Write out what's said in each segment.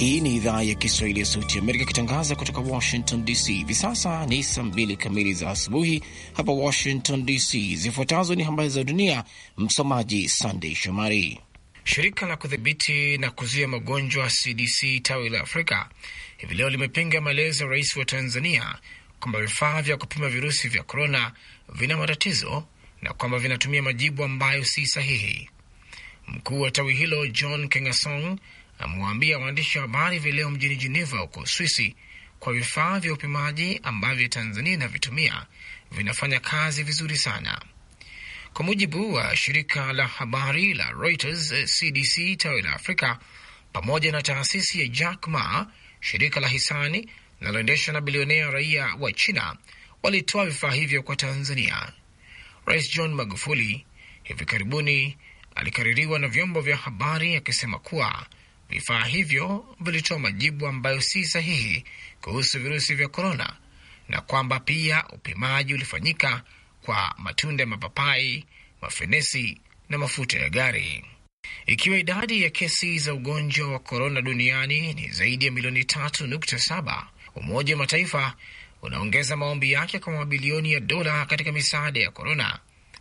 Hii ni idhaa ya Kiswahili ya Sauti ya Amerika ikitangaza kutoka Washington DC. Hivi sasa ni saa mbili kamili za asubuhi hapa Washington DC. Zifuatazo ni habari za dunia, msomaji Sandey Shomari. Shirika la kudhibiti na kuzuia magonjwa CDC tawi la Afrika hivi leo limepinga maelezo ya rais wa Tanzania kwamba vifaa vya kupima virusi vya korona vina matatizo na kwamba vinatumia majibu ambayo si sahihi. Mkuu wa tawi hilo John Kengasong amewaambia waandishi wa habari vileo mjini Geneva huko Swisi kwa vifaa vya upimaji ambavyo Tanzania inavitumia vinafanya kazi vizuri sana. Kwa mujibu wa shirika la habari la Reuters, CDC tawi la Afrika pamoja na taasisi ya Jack Ma, shirika la hisani linaloendeshwa na bilionea raia wa China, walitoa vifaa hivyo kwa Tanzania. Rais John Magufuli hivi karibuni alikaririwa na vyombo vya habari akisema kuwa Vifaa hivyo vilitoa majibu ambayo si sahihi kuhusu virusi vya korona, na kwamba pia upimaji ulifanyika kwa matunda ya mapapai, mafenesi na mafuta ya gari. Ikiwa idadi ya kesi za ugonjwa wa korona duniani ni zaidi ya milioni tatu nukta saba, Umoja wa Mataifa unaongeza maombi yake kwa mabilioni ya dola katika misaada ya korona,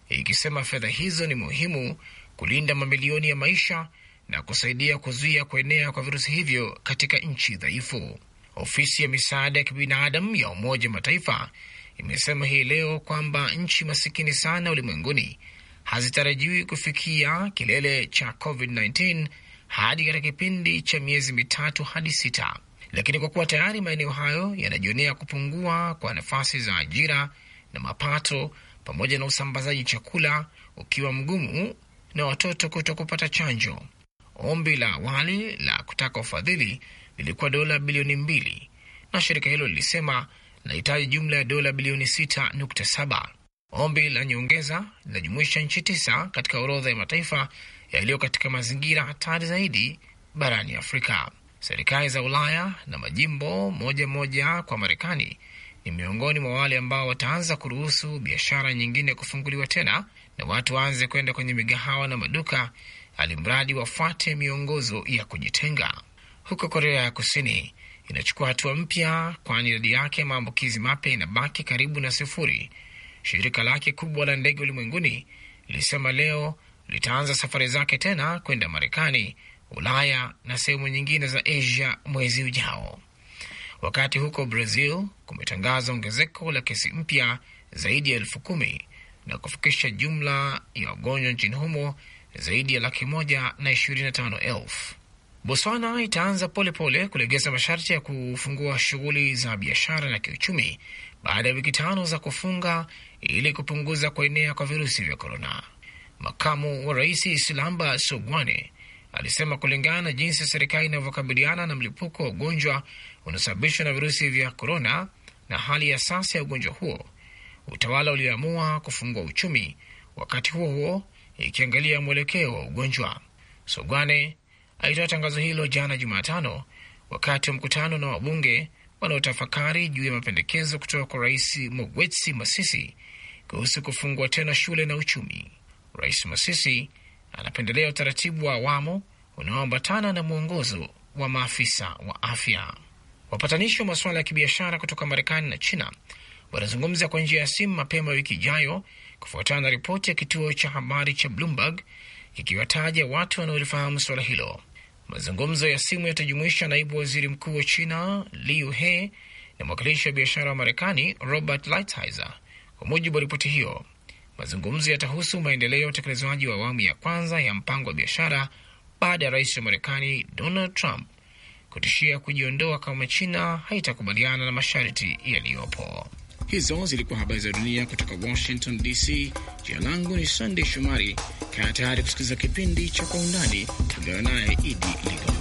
ikisema fedha hizo ni muhimu kulinda mamilioni ya maisha na kusaidia kuzuia kuenea kwa virusi hivyo katika nchi dhaifu. Ofisi ya misaada ya kibinadamu ya Umoja Mataifa imesema hii leo kwamba nchi masikini sana ulimwenguni hazitarajiwi kufikia kilele cha COVID-19 hadi katika kipindi cha miezi mitatu hadi sita, lakini kwa kuwa tayari maeneo hayo yanajionea kupungua kwa nafasi za ajira na mapato pamoja na usambazaji chakula ukiwa mgumu na watoto kuto kupata chanjo Ombi la awali la kutaka ufadhili lilikuwa dola bilioni mbili na shirika hilo lilisema linahitaji jumla ya dola bilioni 6.7. Ombi la nyongeza linajumuisha nchi tisa katika orodha ya mataifa yaliyo katika mazingira hatari zaidi barani Afrika. Serikali za Ulaya na majimbo moja moja kwa Marekani ni miongoni mwa wale ambao wataanza kuruhusu biashara nyingine kufunguliwa tena na watu waanze kwenda kwenye migahawa na maduka alimradi wafuate miongozo ya kujitenga. Huko Korea ya Kusini inachukua hatua mpya, kwani idadi yake ya maambukizi mapya inabaki karibu na sifuri. Shirika lake kubwa la ndege ulimwenguni lilisema leo litaanza safari zake tena kwenda Marekani, Ulaya na sehemu nyingine za Asia mwezi ujao. Wakati huko Brazil kumetangaza ongezeko la kesi mpya zaidi ya elfu kumi na kufikisha jumla ya wagonjwa nchini humo zaidi ya laki moja na ishirini na tano elfu. Botswana itaanza polepole kulegeza masharti ya kufungua shughuli za biashara na kiuchumi baada ya wiki tano za kufunga ili kupunguza kuenea kwa virusi vya korona. Makamu wa rais Silamba Sogwane alisema kulingana na jinsi serikali inavyokabiliana na mlipuko wa ugonjwa unaosababishwa na virusi vya korona na hali ya sasa ya ugonjwa huo, utawala uliamua kufungua uchumi. Wakati huo huo, ikiangalia mwelekeo wa ugonjwa. Sogwane alitoa tangazo hilo jana Jumatano wakati wa mkutano na wabunge wanaotafakari juu ya mapendekezo kutoka kwa Rais Mogwetsi Masisi kuhusu kufungua tena shule na uchumi. Rais Masisi anapendelea utaratibu wa awamu unaoambatana na mwongozo wa maafisa wa afya. Wapatanishi wa masuala ya kibiashara kutoka Marekani na China wanazungumza kwa njia ya simu mapema wiki ijayo kufuatana na ripoti ya kituo cha habari cha Bloomberg ikiwataja watu wanaolifahamu suala hilo. Mazungumzo ya simu yatajumuisha naibu waziri mkuu wa China Liu He na mwakilishi wa biashara wa Marekani Robert Lighthizer. Kwa mujibu wa ripoti hiyo, mazungumzo yatahusu maendeleo ya utekelezaji wa awamu ya kwanza ya mpango wa biashara baada ya rais wa Marekani Donald Trump kutishia kujiondoa kama China haitakubaliana na masharti yaliyopo. Hizo zilikuwa habari za dunia kutoka Washington DC. Jina langu ni Sandey Shomari. Kaa tayari kusikiliza kipindi cha Kwa Undani. Ungana naye Idi Ligo.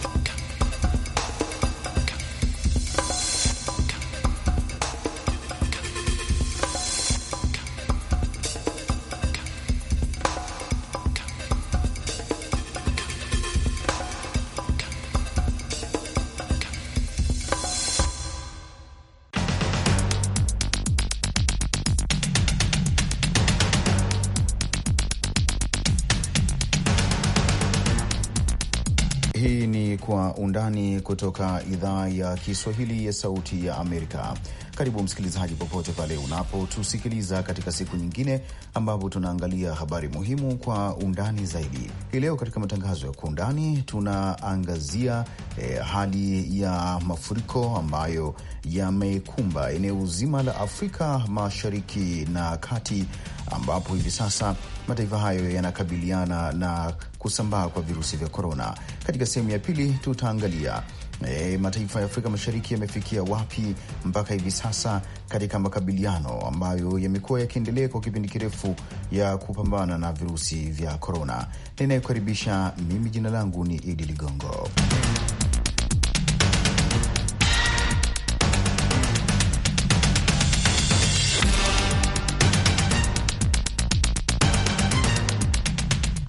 undani kutoka idhaa ya Kiswahili ya Sauti ya Amerika. Karibu msikilizaji, popote pale unapotusikiliza katika siku nyingine ambapo tunaangalia habari muhimu kwa undani zaidi. Hii leo katika matangazo ya kwa undani tunaangazia eh, hali ya mafuriko ambayo yamekumba eneo zima la Afrika Mashariki na Kati ambapo hivi sasa mataifa hayo yanakabiliana na kusambaa kwa virusi vya korona. Katika sehemu ya pili tutaangalia E, mataifa ya Afrika Mashariki yamefikia wapi mpaka hivi sasa katika makabiliano ambayo yamekuwa yakiendelea kwa kipindi kirefu ya kupambana na virusi vya korona. Ninayekaribisha mimi, jina langu ni Idi Ligongo.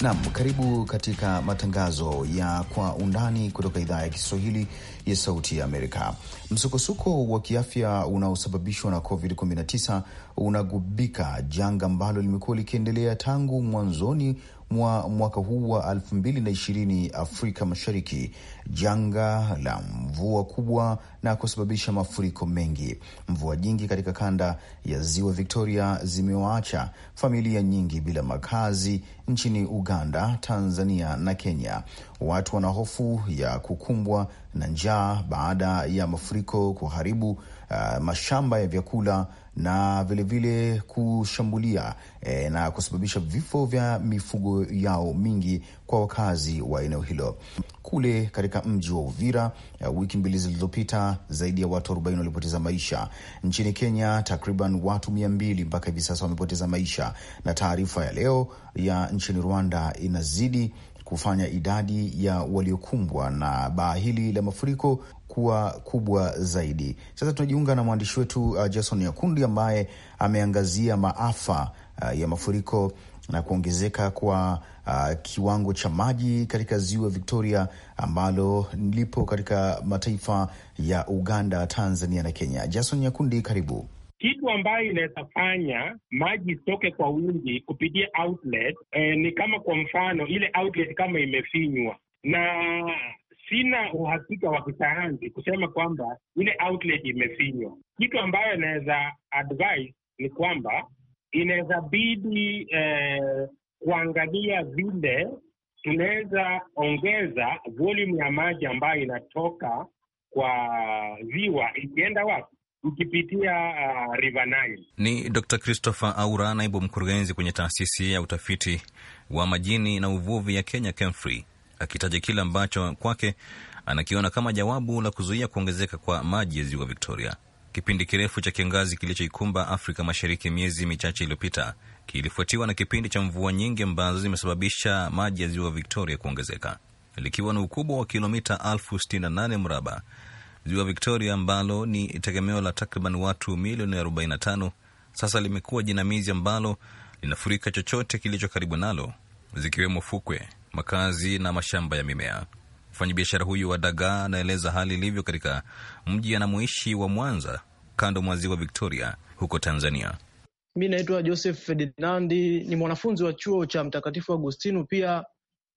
Nam, karibu katika matangazo ya kwa undani kutoka idhaa ya Kiswahili ya Sauti ya Amerika. Msukosuko wa kiafya unaosababishwa na COVID-19 unagubika janga ambalo limekuwa likiendelea tangu mwanzoni mwa mwaka huu wa elfu mbili na ishirini Afrika Mashariki, janga la mvua kubwa na kusababisha mafuriko mengi. Mvua nyingi katika kanda ya ziwa Victoria zimewaacha familia nyingi bila makazi nchini Uganda, Tanzania na Kenya. Watu wana hofu ya kukumbwa na njaa baada ya mafuriko kuharibu uh, mashamba ya vyakula na vilevile vile kushambulia eh, na kusababisha vifo vya mifugo yao mingi kwa wakazi wa eneo hilo. Kule katika mji wa Uvira uh, wiki mbili zilizopita zaidi ya watu 40 walipoteza maisha. Nchini Kenya takriban watu mia mbili mpaka hivi sasa wamepoteza maisha, na taarifa ya leo ya nchini Rwanda inazidi kufanya idadi ya waliokumbwa na baa hili la mafuriko kuwa kubwa zaidi. Sasa tunajiunga na mwandishi wetu uh, Jason Nyakundi ambaye ameangazia maafa uh, ya mafuriko na kuongezeka kwa uh, kiwango cha maji katika ziwa Victoria ambalo lipo katika mataifa ya Uganda, Tanzania na Kenya. Jason Nyakundi, karibu. Kitu ambayo inaweza fanya maji isitoke kwa wingi kupitia outlet eh, ni kama kwa mfano ile outlet kama imefinywa na sina uhakika wa kisayansi kusema kwamba ile outlet imefinywa. Kitu ambayo inaweza advise ni kwamba inaweza bidi eh, kuangalia vile tunaweza ongeza volume ya maji ambayo inatoka kwa ziwa ikienda wapi ukipitia uh, ah, River Nile. Ni Dr. Christopher Aura, naibu mkurugenzi kwenye taasisi ya utafiti wa majini na uvuvi ya Kenya KEMFRI akitaja kile ambacho kwake anakiona kama jawabu la kuzuia kuongezeka kwa maji ya ziwa Victoria. Kipindi kirefu cha kiangazi kilichoikumba Afrika Mashariki miezi michache iliyopita kilifuatiwa na kipindi cha mvua nyingi ambazo zimesababisha maji ya ziwa Victoria kuongezeka. Likiwa na ukubwa wa kilomita elfu sitini na nane mraba, ziwa Victoria ambalo ni tegemeo la takriban watu milioni 45 sasa limekuwa jinamizi ambalo linafurika chochote kilicho karibu nalo, zikiwemo fukwe, makazi na mashamba ya mimea. Mfanyabiashara huyu wa dagaa anaeleza hali ilivyo katika mji anamoishi wa Mwanza, kando mwa ziwa Victoria, huko Tanzania. Mi naitwa Joseph Ferdinandi, ni mwanafunzi wa chuo cha Mtakatifu Agustinu, pia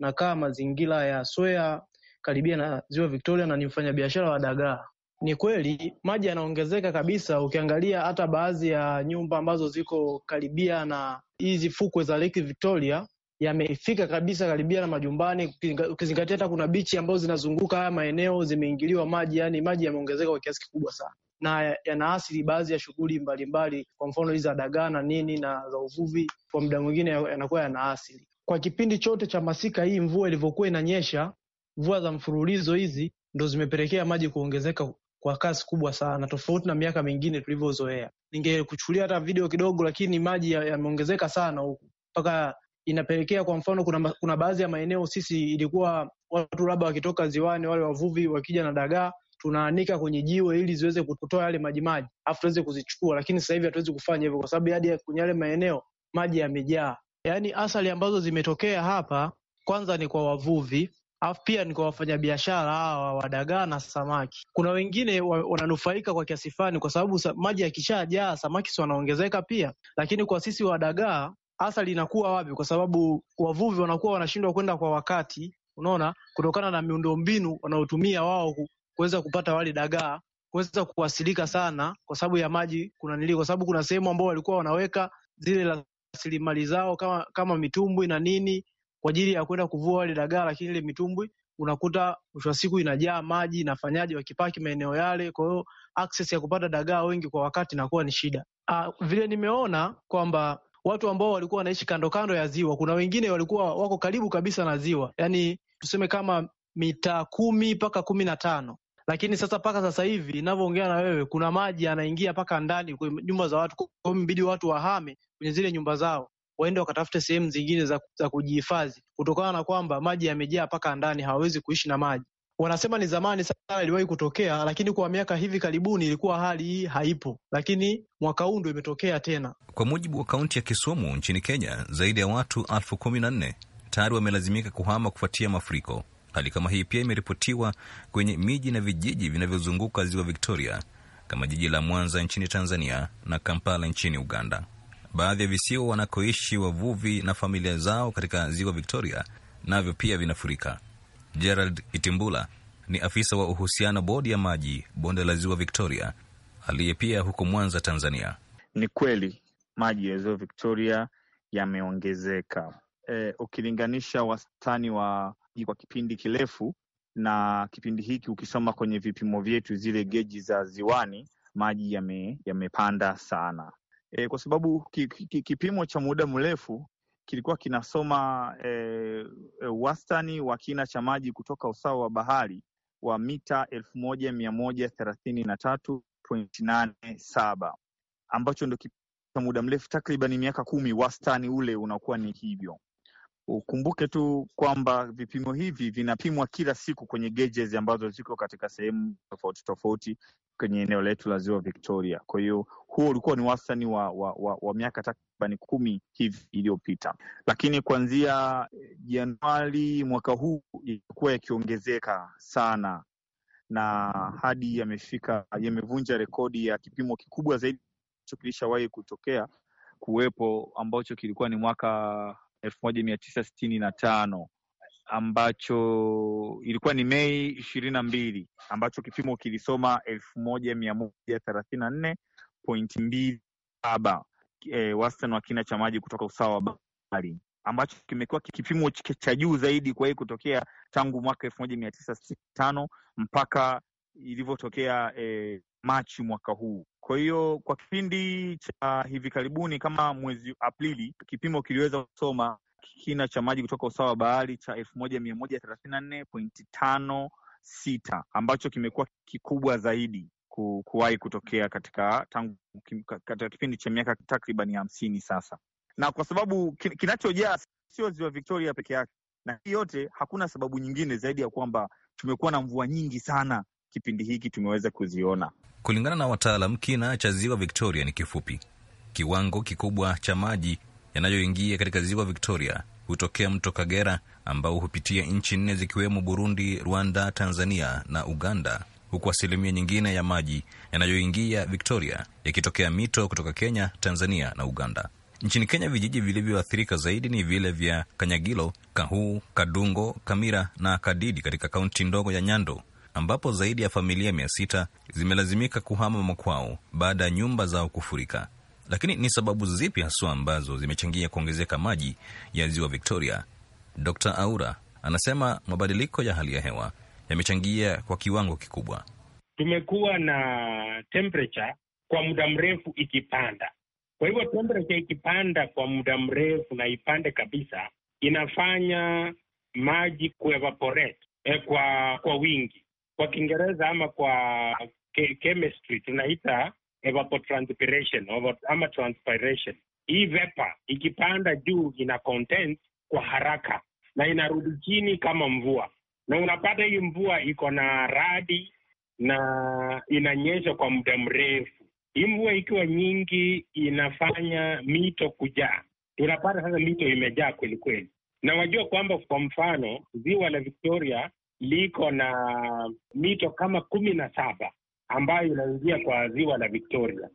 nakaa mazingira ya Swea karibia na ziwa Victoria na ni mfanyabiashara wa dagaa. Ni kweli maji yanaongezeka kabisa, ukiangalia hata baadhi ya nyumba ambazo ziko karibia na hizi fukwe za Lake Victoria yamefika kabisa karibia na majumbani, ukizingatia hata kuna bichi ambazo zinazunguka haya maeneo zimeingiliwa maji, yani maji yameongezeka kwa kiasi kikubwa sana na yanaathiri baadhi ya shughuli mbalimbali, kwa mfano hizi za dagaa na nini na za uvuvi, kwa muda mwingine yanakuwa yanaathiri. Kwa kipindi chote cha masika, hii mvua ilivyokuwa inanyesha, mvua za mfululizo hizi ndo zimepelekea maji kuongezeka kwa kasi kubwa sana, tofauti na miaka mingine tulivyozoea. Ningekuchukulia hata video kidogo, lakini maji yameongezeka sana huku mpaka inapelekea kwa mfano, kuna, kuna baadhi ya maeneo sisi ilikuwa watu labda wakitoka ziwani wale wavuvi wakija na dagaa tunaanika kwenye jiwe ili ziweze kutoa yale majimaji maji, afu tuweze kuzichukua. Lakini sasa hivi hatuwezi kufanya hivyo, kwa sababu hadi kwenye yale maeneo maji yamejaa. Yaani athari ambazo zimetokea hapa, kwanza ni kwa wavuvi, alafu pia ni kwa wafanyabiashara hawa wa dagaa na samaki. Kuna wengine wananufaika kwa kiasi fulani, kwa sababu maji yakishajaa samaki si wanaongezeka pia, lakini kwa sisi wa dagaa athari inakuwa wapi? Kwa sababu wavuvi wanakuwa wanashindwa kwenda kwa wakati, unaona, kutokana na miundombinu wanaotumia wao kuweza kupata wale dagaa kuweza kuwasilika sana kwa sababu ya maji kuna nili, kwa sababu kuna sehemu ambao walikuwa wanaweka zile rasilimali zao kama kama mitumbwi na nini kwa ajili ya kwenda kuvua wale dagaa, lakini ile mitumbwi unakuta mwisho wa siku inajaa maji, inafanyaje wakipaki maeneo yale? Kwa hiyo access ya kupata dagaa wengi kwa wakati inakuwa ni shida. Ah, vile nimeona kwamba watu ambao walikuwa wanaishi kando kando ya ziwa, kuna wengine walikuwa wako karibu kabisa na ziwa, yani tuseme kama mita kumi mpaka kumi na tano lakini sasa mpaka sasa hivi inavyoongea na wewe, kuna maji yanaingia mpaka ndani kwenye nyumba za watu, kwa mbidi watu wahame kwenye zile nyumba zao, waende wakatafute sehemu zingine za, za kujihifadhi kutokana na kwamba maji yamejaa mpaka ndani, hawawezi kuishi na maji wanasema ni zamani sana iliwahi kutokea, lakini kwa miaka hivi karibuni ilikuwa hali hii haipo, lakini mwaka huu ndo imetokea tena. Kwa mujibu wa kaunti ya Kisumu nchini Kenya, zaidi ya watu elfu kumi na nne tayari wamelazimika kuhama kufuatia mafuriko. Hali kama hii pia imeripotiwa kwenye miji na vijiji vinavyozunguka ziwa Victoria kama jiji la Mwanza nchini Tanzania na Kampala nchini Uganda. Baadhi ya visiwa wanakoishi wavuvi na familia zao katika ziwa Victoria navyo pia vinafurika. Gerald Itimbula ni afisa wa uhusiano bodi ya maji bonde la ziwa Victoria aliye pia huko Mwanza, Tanzania. Ni kweli maji ya ziwa Victoria yameongezeka e, ukilinganisha wastani wa kwa kipindi kirefu na kipindi hiki, ukisoma kwenye vipimo vyetu zile geji za ziwani, maji yamepanda ya sana e, kwa sababu ki, ki, kipimo cha muda mrefu kilikuwa kinasoma e, e, wastani wa kina cha maji kutoka usawa wa bahari wa mita elfu moja mia moja thelathini na tatu pointi nane saba ambacho ndo kipa muda mrefu takriban miaka kumi wastani ule unakuwa ni hivyo. Ukumbuke tu kwamba vipimo hivi vinapimwa kila siku kwenye ambazo ziko katika sehemu tofauti tofauti kwenye eneo letu la Ziwa Victoria. Kwa hiyo huo ulikuwa ni wastani wa, wa, wa, wa miaka takribani kumi hivi iliyopita, lakini kuanzia eh, Januari mwaka huu yalikuwa yakiongezeka sana na hadi yamefika yamevunja rekodi ya kipimo kikubwa zaidi cho kilishawahi kutokea kuwepo ambacho kilikuwa ni mwaka elfu moja mia tisa sitini na tano ambacho ilikuwa ni Mei ishirini na mbili ambacho kipimo kilisoma elfu moja mia moja thelathini na nne pointi mbili saba e, wastani wa kina cha maji kutoka usawa wa bahari ambacho kimekuwa kipimo cha juu zaidi kwa hii kutokea tangu mwaka elfu moja mia tisa sitini na tano mpaka ilivyotokea e, Machi mwaka huu. Kwa hiyo kwa kipindi cha hivi karibuni kama mwezi Aprili, kipimo kiliweza kusoma kina cha maji kutoka usawa wa bahari cha elfu moja mia moja thelathini na nne pointi tano sita ambacho kimekuwa kikubwa zaidi ku, kuwahi kutokea katika tangu katika kipindi cha miaka takriban hamsini sasa, na kwa sababu kin, kinachojaa sio ziwa Victoria peke yake, na hii yote hakuna sababu nyingine zaidi ya kwamba tumekuwa na mvua nyingi sana kipindi hiki tumeweza kuziona. Kulingana na wataalam, kina cha ziwa Victoria ni kifupi. Kiwango kikubwa cha maji yanayoingia katika ziwa Victoria hutokea mto Kagera ambao hupitia nchi nne zikiwemo Burundi, Rwanda, Tanzania na Uganda huku asilimia nyingine ya maji yanayoingia Victoria yakitokea mito kutoka Kenya, Tanzania na Uganda. Nchini Kenya, vijiji vilivyoathirika zaidi ni vile vya Kanyagilo, Kahuu, Kadungo, Kamira na Kadidi katika kaunti ndogo ya Nyando, ambapo zaidi ya familia mia sita zimelazimika kuhama makwao baada ya nyumba zao kufurika. Lakini ni sababu zipi haswa ambazo zimechangia kuongezeka maji ya ziwa Victoria? Dr Aura anasema mabadiliko ya hali ya hewa yamechangia kwa kiwango kikubwa. Tumekuwa na temperature kwa muda mrefu ikipanda, kwa hivyo temperature ikipanda kwa muda mrefu na ipande kabisa, inafanya maji kuevaporate eh, kwa kwa wingi. Kwa Kiingereza ama kwa ke chemistry tunaita evapotranspiration ama transpiration. Hii vepa ikipanda juu ina condense kwa haraka na inarudi chini kama mvua na unapata hii mvua iko na radi na inanyesha kwa muda mrefu. Hii mvua ikiwa nyingi inafanya mito kujaa, tunapata sasa mito imejaa kweli kweli, na wajua kwamba kwa mfano ziwa la Victoria liko na mito kama kumi na saba ambayo inaingia kwa ziwa la Victoria,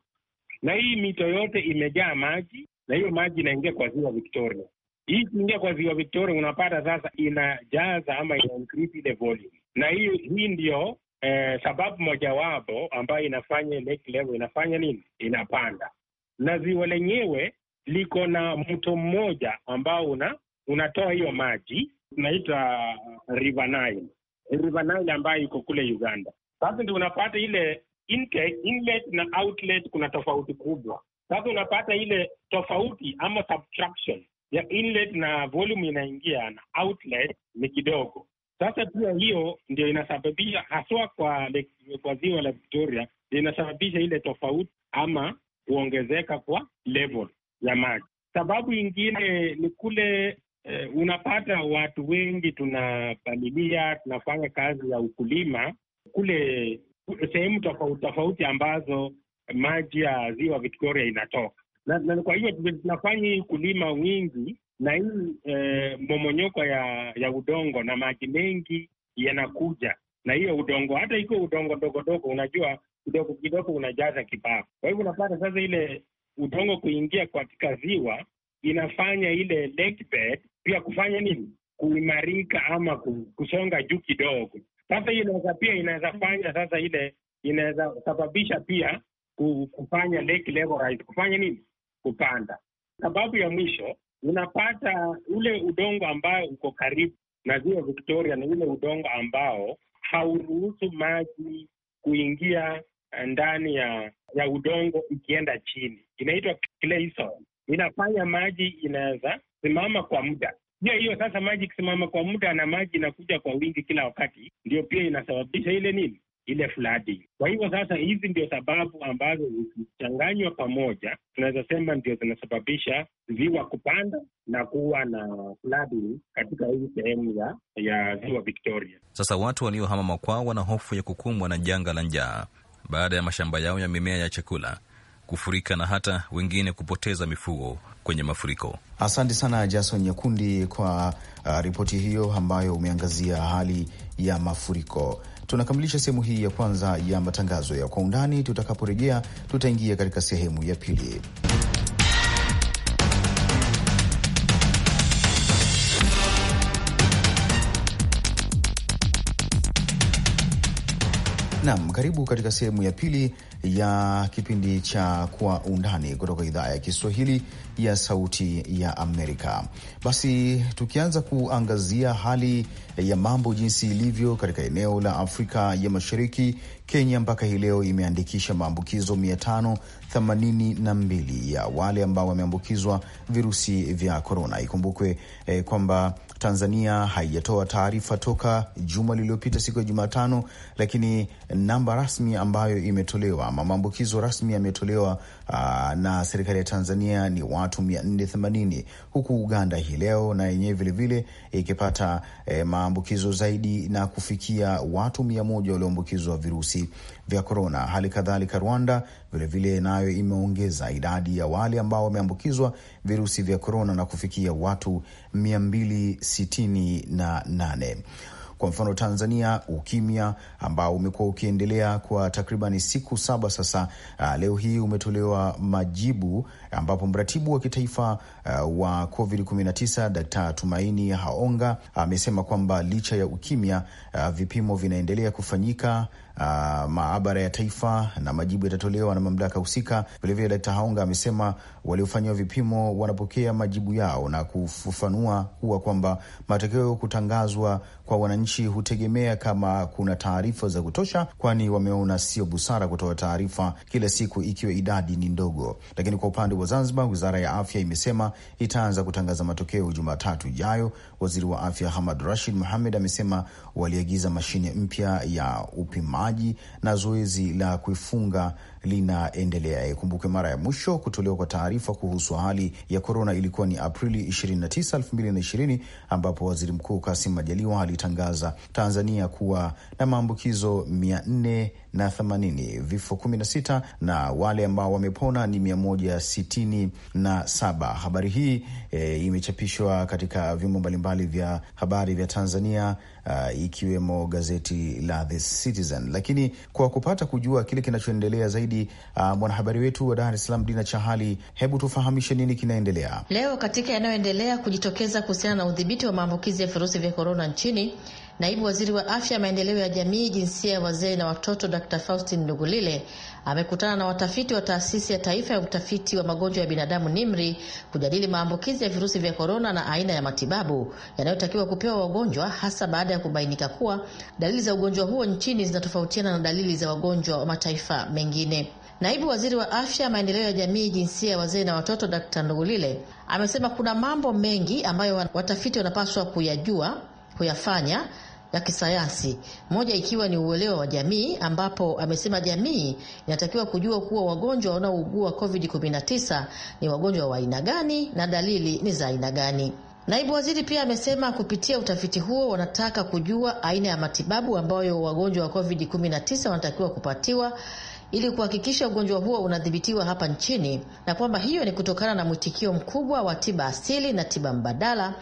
na hii mito yote imejaa maji na hiyo maji inaingia kwa ziwa Victoria. Hii kuingia kwa ziwa Victoria unapata sasa inajaza ama ina increase ile volume, na hii hii ndio eh, sababu mojawapo ambayo inafanya lake level inafanya nini, inapanda. Na ziwa lenyewe liko na mto mmoja ambao una unatoa hiyo maji unaita uh, River Nile, River Nile ambayo iko kule Uganda. Sasa ndio unapata ile intake, inlet na outlet, kuna tofauti kubwa. Sasa unapata ile tofauti ama subtraction ya inlet na volume inaingia na outlet ni kidogo. Sasa pia hiyo ndio inasababisha haswa kwa kwa ziwa la Victoria, ndio inasababisha ile tofauti ama kuongezeka kwa level ya maji. Sababu ingine ni kule eh, unapata watu wengi tunapalilia, tunafanya kazi ya ukulima kule sehemu tofauti tofauti ambazo maji ya ziwa Victoria inatoka na, na kwa hivyo tunafanya hii kulima wingi na hii e, momonyoko ya ya udongo na maji mengi yanakuja na hiyo udongo, hata iko udongo ndogo ndogo, unajua kidogo kidogo unajaza kibafu. Kwa hivyo unapata sasa ile udongo kuingia katika ziwa inafanya ile lake bed pia kufanya nini, kuimarika ama kusonga juu kidogo. Sasa hiyo inaweza pia inaweza fanya sasa ile inaweza sababisha pia kufanya lake level rise, kufanya nini kupanda. Sababu ya mwisho, unapata ule udongo ambao uko karibu na ziwa Victoria ni ule udongo ambao hauruhusu maji kuingia eh, ndani ya ya udongo ikienda chini, inaitwa clay soil. Inafanya maji inaweza simama kwa muda. Pia hiyo sasa, maji ikisimama kwa muda na maji inakuja kwa wingi kila wakati, ndio pia inasababisha ile nini ile flooding. Kwa hivyo sasa, hizi ndio sababu ambazo zikichanganywa pamoja, tunaweza sema ndio zinasababisha ziwa kupanda na kuwa na flooding katika hii sehemu ya ya ziwa Victoria. Sasa watu waliohama makwao wana hofu ya kukumbwa na janga la njaa baada ya mashamba yao ya mimea ya chakula kufurika na hata wengine kupoteza mifugo kwenye mafuriko. Asante sana Jason Nyakundi kwa uh, ripoti hiyo ambayo umeangazia hali ya mafuriko. Tunakamilisha sehemu hii ya kwanza ya matangazo ya kwa undani. Tutakaporejea tutaingia katika sehemu ya pili. Naam, karibu katika sehemu ya pili ya kipindi cha Kwa Undani kutoka idhaa ya Kiswahili ya Sauti ya Amerika. Basi tukianza kuangazia hali ya mambo jinsi ilivyo katika eneo la Afrika ya Mashariki, Kenya mpaka hii leo imeandikisha maambukizo 582 ya wale ambao wameambukizwa virusi vya korona. Ikumbukwe eh, kwamba Tanzania haijatoa taarifa toka juma lililopita siku ya Jumatano, lakini namba rasmi ambayo imetolewa ama maambukizo rasmi yametolewa Ah, na serikali ya Tanzania ni watu 480 huku Uganda hii leo na yenyewe vilevile ikipata e, maambukizo zaidi na kufikia watu 100 walioambukizwa virusi vya korona. Hali kadhalika Rwanda vilevile vile nayo imeongeza idadi ya wale ambao wameambukizwa virusi vya korona na kufikia watu 268 na kwa mfano Tanzania, ukimya ambao umekuwa ukiendelea kwa takribani siku saba sasa, uh, leo hii umetolewa majibu, ambapo mratibu wa kitaifa uh, wa COVID-19 Dkt. Tumaini Haonga amesema uh, kwamba licha ya ukimya uh, vipimo vinaendelea kufanyika uh, maabara ya taifa na majibu yatatolewa na mamlaka husika. Vilevile Dkt. Haonga amesema waliofanyiwa vipimo wanapokea majibu yao na kufafanua kuwa kwamba matokeo kutangazwa kwa wananchi hutegemea kama kuna taarifa za kutosha, kwani wameona sio busara kutoa taarifa kila siku ikiwa idadi ni ndogo. Lakini kwa upande wa Zanzibar, wizara ya afya imesema itaanza kutangaza matokeo Jumatatu ijayo. Waziri wa afya Hamad Rashid muhamed amesema waliagiza mashine mpya ya upimaji maji na zoezi la kuifunga linaendelea. Ikumbuke mara ya mwisho kutolewa kwa taarifa kuhusu hali ya korona ilikuwa ni Aprili 29, 2020 ambapo waziri mkuu kasim Majaliwa alitangaza Tanzania kuwa na maambukizo 480, vifo 16 na wale ambao wamepona ni 167. Habari hii e, imechapishwa katika vyombo mbalimbali vya habari vya Tanzania uh, ikiwemo gazeti la The Citizen, lakini kwa kupata kujua kile kinachoendelea zaidi zaidi. Uh, mwanahabari wetu wa Dar es Salaam Dina Chahali, hebu tufahamishe nini kinaendelea leo katika yanayoendelea kujitokeza kuhusiana na udhibiti wa maambukizi ya virusi vya korona nchini. Naibu waziri wa afya, maendeleo ya jamii, jinsia ya wazee na watoto, Dr Faustin Ndugulile amekutana na watafiti wa taasisi ya taifa ya utafiti wa magonjwa ya binadamu NIMRI kujadili maambukizi ya virusi vya korona na aina ya matibabu yanayotakiwa kupewa wagonjwa, hasa baada ya kubainika kuwa dalili za ugonjwa huo nchini zinatofautiana na dalili za wagonjwa wa mataifa mengine. Naibu waziri wa afya, maendeleo ya jamii, jinsia ya wazee na watoto, dr Ndugulile amesema kuna mambo mengi ambayo watafiti wanapaswa kuyajua kuyafanya ya kisayansi, moja ikiwa ni uelewa wa jamii, ambapo amesema jamii inatakiwa kujua kuwa wagonjwa wanaougua COVID-19 ni wagonjwa wa aina gani na dalili ni za aina gani. Naibu waziri pia amesema kupitia utafiti huo wanataka kujua aina ya matibabu ambayo wagonjwa wa COVID-19 wanatakiwa kupatiwa ili kuhakikisha ugonjwa huo unadhibitiwa hapa nchini na kwamba hiyo ni kutokana na mwitikio mkubwa wa tiba asili na tiba mbadala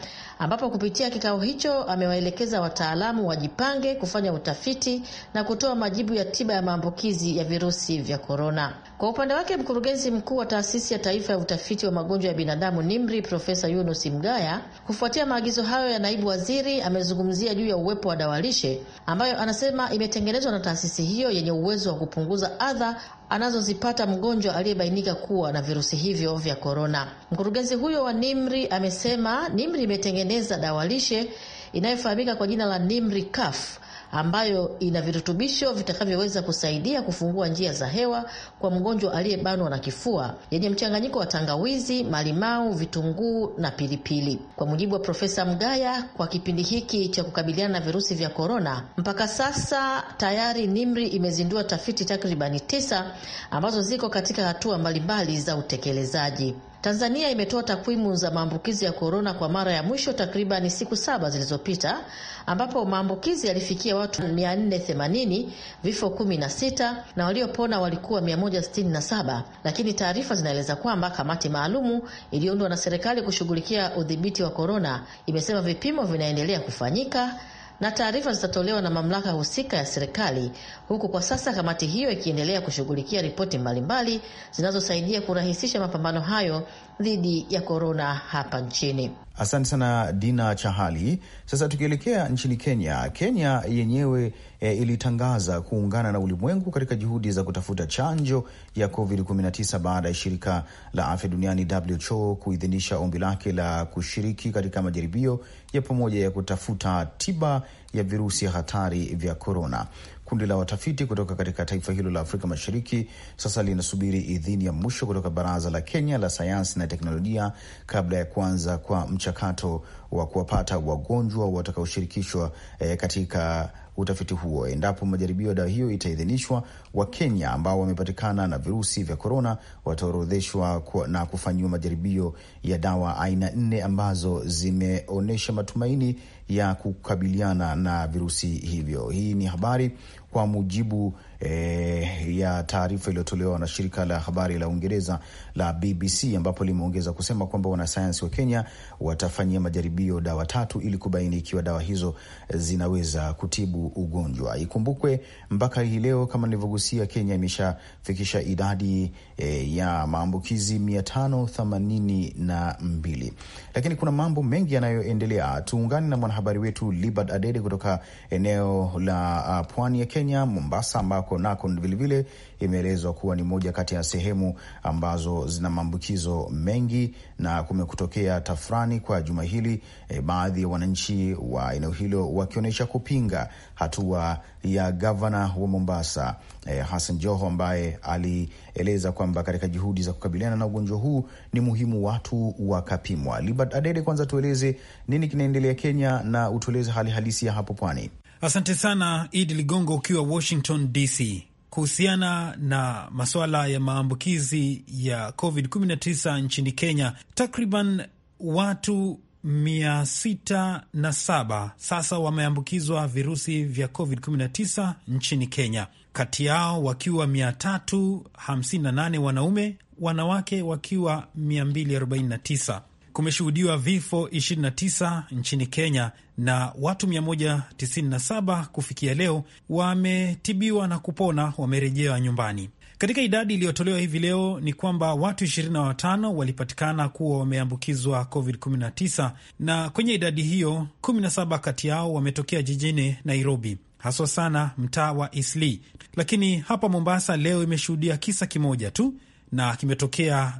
ambapo kupitia kikao hicho amewaelekeza wataalamu wajipange kufanya utafiti na kutoa majibu ya tiba ya maambukizi ya virusi vya korona. Kwa upande wake, mkurugenzi mkuu wa taasisi ya taifa ya utafiti wa magonjwa ya binadamu NIMRI, Profesa Yunus Mgaya, kufuatia maagizo hayo ya naibu waziri, amezungumzia juu ya uwepo wa dawa lishe ambayo anasema imetengenezwa na taasisi hiyo yenye uwezo wa kupunguza adha anazozipata mgonjwa aliyebainika kuwa na virusi hivyo vya korona. Mkurugenzi huyo wa NIMRI amesema NIMRI imetengeneza dawa lishe inayofahamika kwa jina la NIMRI Kaf ambayo ina virutubisho vitakavyoweza kusaidia kufungua njia za hewa kwa mgonjwa aliyebanwa na kifua, yenye mchanganyiko wa tangawizi, malimau, vitunguu na pilipili. Kwa mujibu wa Profesa Mgaya, kwa kipindi hiki cha kukabiliana na virusi vya korona, mpaka sasa tayari NIMRI imezindua tafiti takribani tisa ambazo ziko katika hatua mbalimbali za utekelezaji. Tanzania imetoa takwimu za maambukizi ya korona kwa mara ya mwisho takribani siku saba zilizopita, ambapo maambukizi yalifikia watu 480, vifo 16 na waliopona walikuwa 167. Lakini taarifa zinaeleza kwamba kamati maalumu iliyoundwa na serikali kushughulikia udhibiti wa korona imesema vipimo vinaendelea kufanyika na taarifa zitatolewa na mamlaka husika ya serikali, huku kwa sasa kamati hiyo ikiendelea kushughulikia ripoti mbalimbali zinazosaidia kurahisisha mapambano hayo dhidi ya korona hapa nchini. Asante sana Dina Chahali. Sasa tukielekea nchini Kenya, Kenya yenyewe e, ilitangaza kuungana na ulimwengu katika juhudi za kutafuta chanjo ya COVID-19 baada ya shirika la afya duniani WHO kuidhinisha ombi lake la kushiriki katika majaribio ya pamoja ya kutafuta tiba ya virusi hatari vya korona. Kundi la watafiti kutoka katika taifa hilo la Afrika Mashariki sasa linasubiri idhini ya mwisho kutoka Baraza la Kenya la Sayansi na Teknolojia kabla ya kuanza kwa mchakato wa kuwapata wagonjwa watakaoshirikishwa eh, katika utafiti huo. Endapo majaribio ya dawa hiyo itaidhinishwa, Wakenya ambao wamepatikana na virusi vya korona wataorodheshwa na kufanyiwa majaribio ya dawa aina nne ambazo zimeonyesha matumaini ya kukabiliana na virusi hivyo. Hii ni habari kwa mujibu e, ya taarifa iliyotolewa na shirika la habari la Uingereza la BBC ambapo limeongeza kusema kwamba wanasayansi wa Kenya watafanyia majaribio dawa tatu ili kubaini ikiwa dawa hizo zinaweza kutibu ugonjwa. Ikumbukwe mpaka hii leo, kama nilivyogusia, Kenya imeshafikisha idadi e, ya maambukizi mia tano na mbili, lakini kuna mambo mengi yanayoendelea. Tuungane na mwanahabari wetu Libert Adede kutoka eneo la uh, pwani ya Kenya, Mombasa ambako nako nako vilevile imeelezwa kuwa ni moja kati ya sehemu ambazo zina maambukizo mengi, na kumekutokea tafrani kwa juma hili e, baadhi ya wananchi wa eneo hilo wakionyesha kupinga hatua ya gavana wa Mombasa e, Hassan Joho ambaye alieleza kwamba katika juhudi za kukabiliana na ugonjwa huu ni muhimu watu wakapimwa. Libert Adede, kwanza tueleze nini kinaendelea Kenya na utueleze hali halisi ya hapo pwani. Asante sana Idi Ligongo ukiwa Washington DC. Kuhusiana na masuala ya maambukizi ya COVID-19 nchini Kenya, takriban watu 607 sasa wameambukizwa virusi vya COVID-19 nchini Kenya, kati yao wakiwa 358 wanaume, wanawake wakiwa 249. Kumeshuhudiwa vifo 29 nchini Kenya, na watu 197 kufikia leo wametibiwa na kupona, wamerejewa nyumbani. Katika idadi iliyotolewa hivi leo ni kwamba watu 25 walipatikana kuwa wameambukizwa COVID-19 na kwenye idadi hiyo 17 kati yao wametokea jijini Nairobi, haswa sana mtaa wa Isli. Lakini hapa Mombasa leo imeshuhudia kisa kimoja tu na kimetokea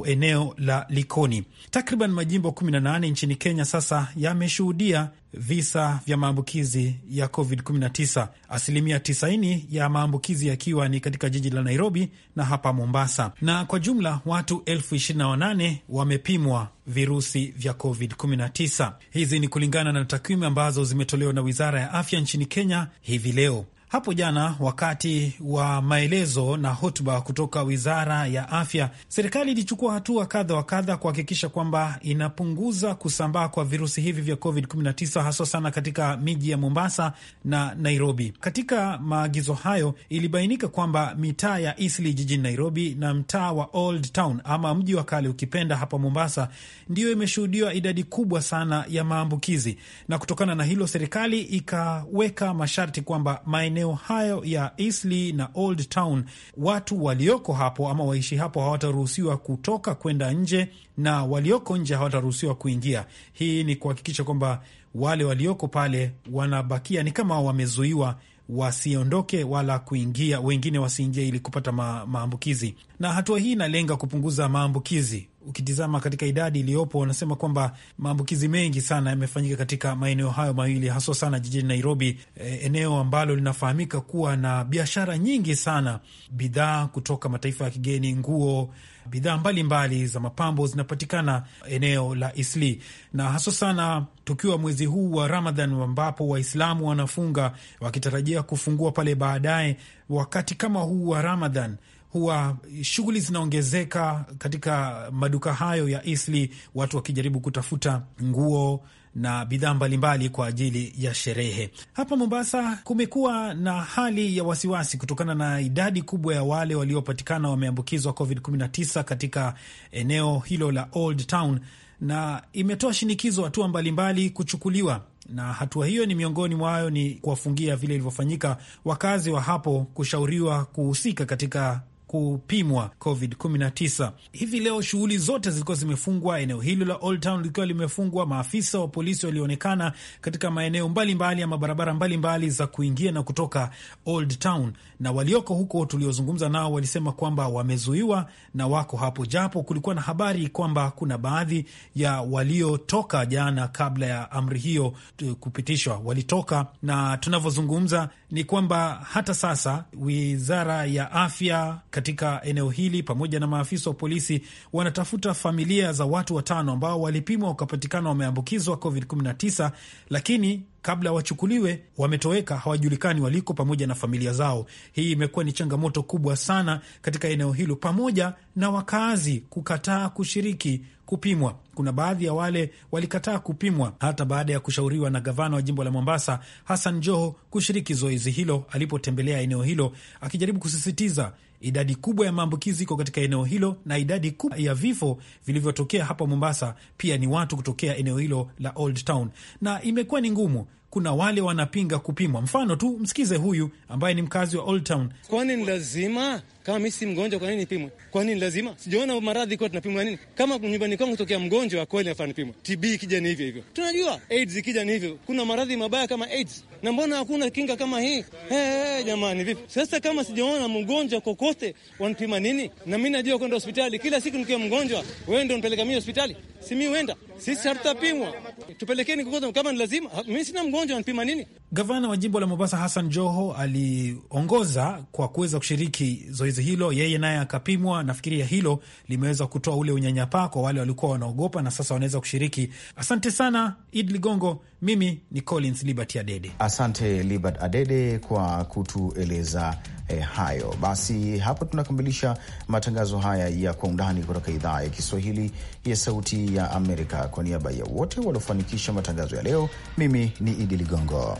uh, eneo la Likoni. Takriban majimbo 18 nchini Kenya sasa yameshuhudia visa vya maambukizi ya COVID-19, asilimia 90 ya maambukizi yakiwa ni katika jiji la Nairobi na hapa Mombasa, na kwa jumla watu elfu 28 wamepimwa virusi vya COVID-19. Hizi ni kulingana na takwimu ambazo zimetolewa na wizara ya afya nchini Kenya hivi leo. Hapo jana wakati wa maelezo na hotuba kutoka wizara ya afya, serikali ilichukua hatua kadha wa kadha kuhakikisha kwamba inapunguza kusambaa kwa virusi hivi vya COVID-19 haswa sana katika miji ya Mombasa na Nairobi. Katika maagizo hayo, ilibainika kwamba mitaa ya Eastleigh jijini Nairobi na mtaa wa Old Town ama mji wa kale ukipenda hapa Mombasa, ndiyo imeshuhudiwa idadi kubwa sana ya maambukizi, na kutokana na hilo serikali ikaweka masharti kwamba maene maeneo hayo ya Eastleigh na Old Town, watu walioko hapo ama waishi hapo hawataruhusiwa kutoka kwenda nje na walioko nje hawataruhusiwa kuingia. Hii ni kuhakikisha kwamba wale walioko pale wanabakia ni kama wamezuiwa wasiondoke wala kuingia, wengine wasiingie ili kupata ma, maambukizi. Na hatua hii inalenga kupunguza maambukizi ukitizama katika idadi iliyopo, wanasema kwamba maambukizi mengi sana yamefanyika katika maeneo hayo mawili, haswa sana jijini Nairobi, e, eneo ambalo linafahamika kuwa na biashara nyingi sana, bidhaa kutoka mataifa ya kigeni, nguo, bidhaa mbalimbali za mapambo zinapatikana eneo la Isli, na haswa sana tukiwa mwezi huu wa Ramadhan ambapo Waislamu wanafunga wakitarajia kufungua pale baadaye, wakati kama huu wa Ramadhan huwa shughuli zinaongezeka katika maduka hayo ya isli watu wakijaribu kutafuta nguo na bidhaa mbalimbali kwa ajili ya sherehe. Hapa Mombasa kumekuwa na hali ya wasiwasi kutokana na idadi kubwa ya wale waliopatikana wameambukizwa COVID-19 katika eneo hilo la Old Town, na imetoa shinikizo hatua mbalimbali kuchukuliwa na hatua hiyo ni miongoni mwayo ni kuwafungia vile ilivyofanyika, wakazi wa hapo kushauriwa kuhusika katika kupimwa COVID-19. Hivi leo shughuli zote zilikuwa zimefungwa, eneo hilo la Old Town likiwa limefungwa. Maafisa wa polisi walionekana katika maeneo mbalimbali ama barabara mbalimbali za kuingia na kutoka Old Town, na walioko huko tuliozungumza nao walisema kwamba wamezuiwa na wako hapo, japo kulikuwa na habari kwamba kuna baadhi ya waliotoka jana kabla ya amri hiyo e, kupitishwa walitoka, na tunavyozungumza ni kwamba hata sasa wizara ya afya katika eneo hili pamoja na maafisa wa polisi wanatafuta familia za watu watano ambao walipimwa wakapatikana wameambukizwa COVID-19, lakini kabla wachukuliwe wametoweka, hawajulikani waliko pamoja na familia zao. Hii imekuwa ni changamoto kubwa sana katika eneo hilo, pamoja na wakazi kukataa kushiriki kupimwa. Kuna baadhi ya wale walikataa kupimwa hata baada ya kushauriwa na gavana wa jimbo la Mombasa Hassan Joho kushiriki zoezi hilo alipotembelea eneo hilo, akijaribu kusisitiza Idadi kubwa ya maambukizi iko katika eneo hilo na idadi kubwa ya vifo vilivyotokea hapa Mombasa pia ni watu kutokea eneo hilo la Old Town, na imekuwa ni ngumu kuna wale wanapinga kupimwa. Mfano tu msikize huyu ambaye ni mkazi wa Old Town. Kwani ni lazima kama mi si mgonjwa, kwa nini nipimwe? Kwa nini lazima? Sijaona maradhi kuwa tunapimwa nini? Kama nyumbani kwangu tokea mgonjwa wa kweli, nafaa nipimwe. TB ikija ni hivyo hivyo, tunajua AIDS ikija ni hivyo. Kuna maradhi mabaya kama AIDS na mbona hakuna kinga kama hii? Hey, hey, jamani vipi sasa? Kama sijaona mgonjwa kokote wanipima nini? Na mi najua kwenda hospitali kila siku nikiwa mgonjwa, wewe ndo nipeleka mi hospitali simi sisi hatutapimwa, tupelekeni kama ni lazima. Mi sina mgonjwa, anapima nini? Gavana wa jimbo la Mombasa Hassan Joho aliongoza kwa kuweza kushiriki zoezi hilo, yeye naye akapimwa. Nafikiria hilo limeweza kutoa ule unyanyapaa kwa wale walikuwa wanaogopa na sasa wanaweza kushiriki. Asante sana Id Ligongo. Mimi ni Collins Libert Adede. Asante Libert Adede kwa kutueleza eh, hayo. Basi hapo tunakamilisha matangazo haya ya kwa undani kutoka idhaa ya Kiswahili ya Sauti ya Amerika. Kwa niaba ya wote waliofanikisha matangazo ya leo, mimi ni Idi Ligongo.